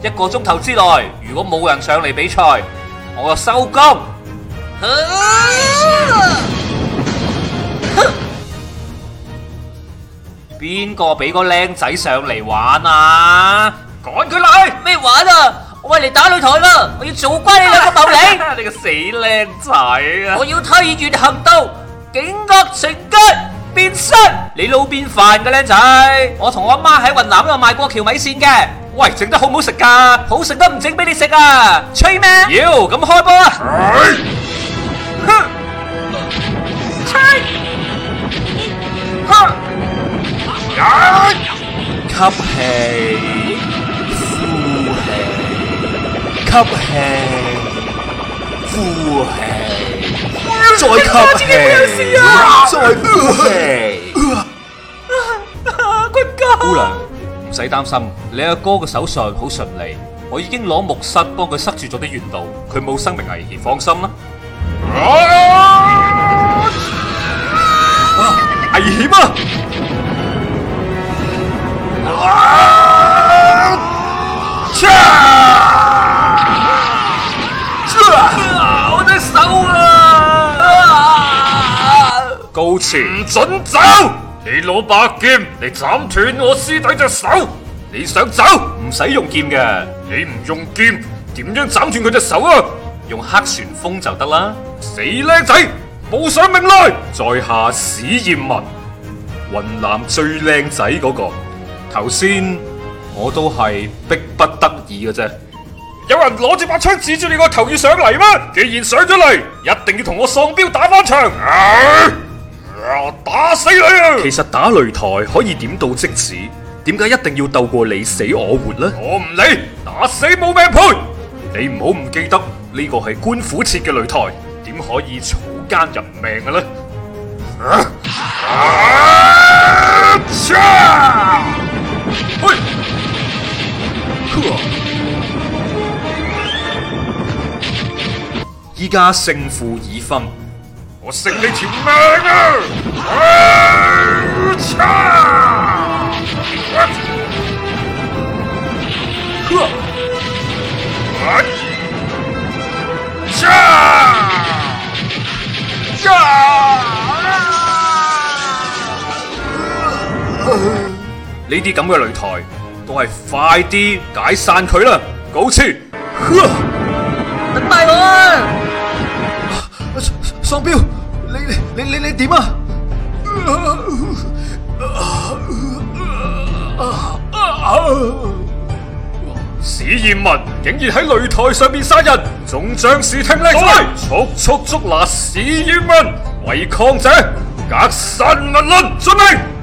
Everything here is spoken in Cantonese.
一個鐘頭之內，如果冇人上嚟比賽，我就收工。邊個俾個靚仔上嚟玩啊？趕佢嚟！咩玩啊？我咪嚟打擂台啦！我要做乖你兩個暴李。你個死靚仔啊！我要推住你行到，警覺成吉變身。你老變凡嘅靚仔，我同我阿媽喺雲南度有賣過橋米線嘅。喂，整得好唔好食噶？好食都唔整俾你食啊！吹咩？妖，咁開波啊！吸氣，呼氣，吸氣，呼氣，再吸氣，再。唔使擔心，你阿哥嘅手術好順利，我已經攞木塞幫佢塞住咗啲穴道，佢冇生命危險，放心啦。危險啊！我的手啊！告辭，唔准走。你攞把劍嚟斬斷我師弟隻手，你想走唔使用劍嘅。你唔用劍點樣斬斷佢隻手啊？用黑旋風就得啦！死靚仔，報上名來！在下史艷文，雲南最靚仔嗰個。頭先我都係逼不得已嘅啫。有人攞住把槍指住你個頭要上嚟咩？既然上咗嚟，一定要同我喪彪打返場。啊打死你啊！其實打擂台可以點到即止，點解一定要鬥過你死我活呢？我唔理，打死冇命賠。你唔好唔記得呢、呢個係官府設嘅擂台，點可以草菅人命嘅呢？啊！殺、啊！依家 勝負已分。我食你條命啊！啊、哎！呢啲咁嘅擂台，都係快啲解散佢啦！告辭。史艷文竟然喺擂台上邊殺人，眾將士聽令，以速速捉拿史艷文，違抗者格殺勿論，遵命。